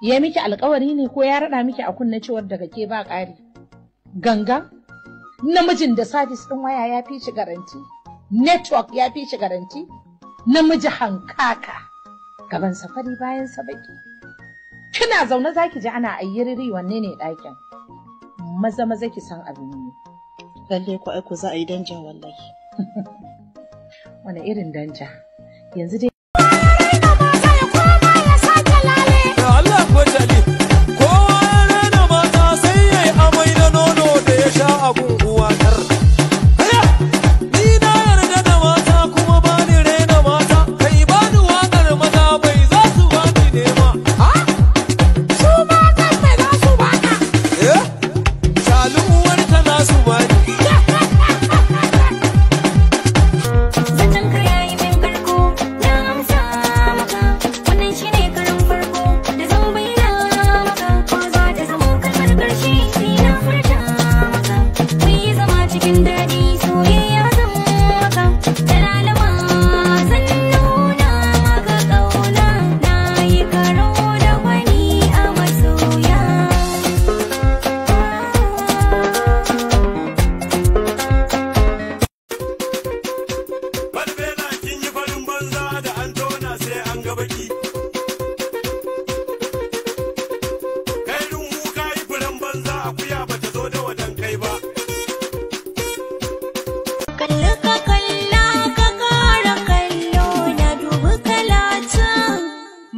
ya miki alkawari ne ko ya raɗa miki a kunna cewar daga ke ba ƙari ganga namijin da sabis ɗin waya ya fi shi garanti network ya fi shi garanti namiji hankaka gaban safari bayan sabaki kina zaune zaki ji ana ayyiriri wanne ne ɗakin maza maza ki san abin ne lalle ko ku za a yi danja wallahi wani irin danja yanzu dai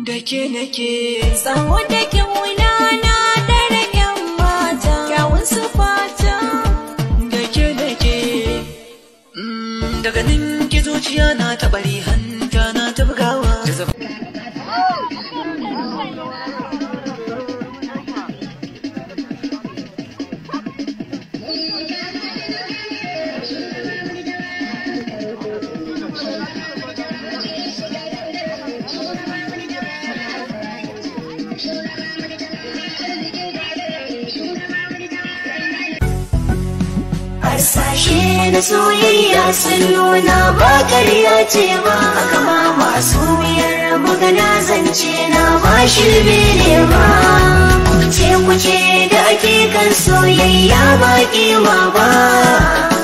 dake ke nake tsawo da wuna na dare yan mata kyawun su fata dake ke nake mm, daga ninki zuciya na taɓari da soyayya sun nuna ba karya ce ba haka ma masu miyar magana zance na ba shirme ne ba ce kuce da ake kan soyayya ba kima ba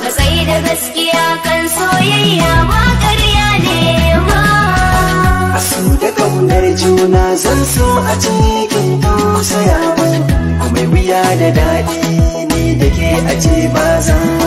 ka sai da gaskiya kan soyayya ba karya ne ba a su da ƙaunar juna zan so a cikin tausaya kuma wuya da daɗi ne da ke a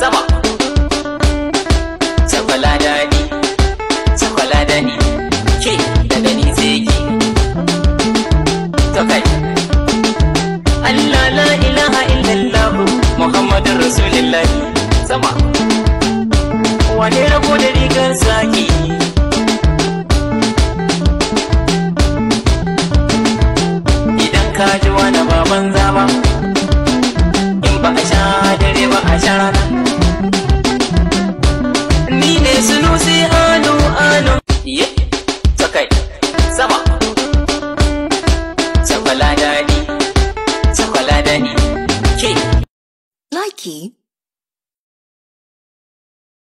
sama sakwala daɗi sakwala dani ke da dani zeki to kai Allah la ilaha illallah Muhammadur Rasulullah sama wane rabo da rigar zaki idan ka ji wani baban zaba Key.